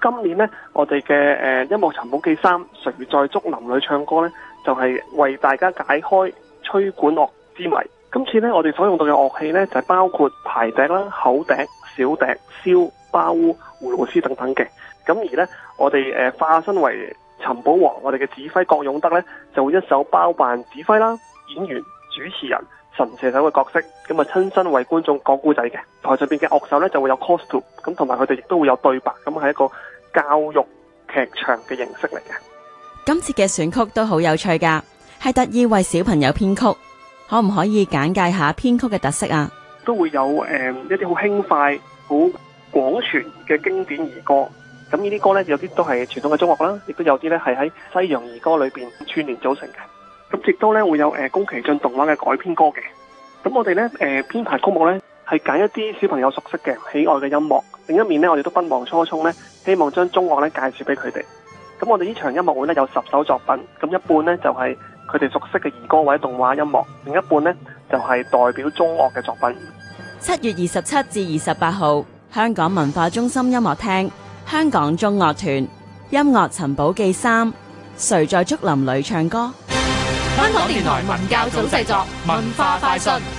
今年呢，我哋嘅誒《音樂尋寶記三》誰在竹林裏唱歌呢，就係為大家解開吹管樂之謎。今次呢，我哋所用到嘅樂器呢，就係包括排笛啦、口笛、小笛、簫、巴烏、葫蘆絲等等嘅。咁而呢，我哋、呃、化身為尋寶王，我哋嘅指揮郭勇德呢，就會一手包辦指揮啦、演員、主持人。神射手嘅角色，咁啊親身為觀眾講故仔嘅台上邊嘅樂手咧就會有 costume，咁同埋佢哋亦都會有對白，咁係一個教育劇場嘅形式嚟嘅。今次嘅選曲都好有趣噶，係特意為小朋友編曲，可唔可以簡介下編曲嘅特色啊？都會有誒、呃、一啲好輕快、好廣傳嘅經典兒歌，咁呢啲歌咧有啲都係傳統嘅中學啦，亦都有啲咧係喺西洋兒歌裏邊串聯組成嘅，咁亦都咧會有誒呃、宮崎駿動畫嘅改編歌嘅。咁我哋咧，誒、呃、編排曲目咧係揀一啲小朋友熟悉嘅喜愛嘅音樂，另一面呢，我哋都不忘初衷呢，希望將中樂咧介紹俾佢哋。咁我哋呢場音樂會呢，有十首作品，咁一半呢，就係佢哋熟悉嘅兒歌或者動畫音樂，另一半呢，就係、是、代表中樂嘅作品。七月二十七至二十八號，香港文化中心音樂廳，香港中樂團，音樂尋寶記三，誰在竹林裏唱歌？香港電台文教組製作，文化快訊。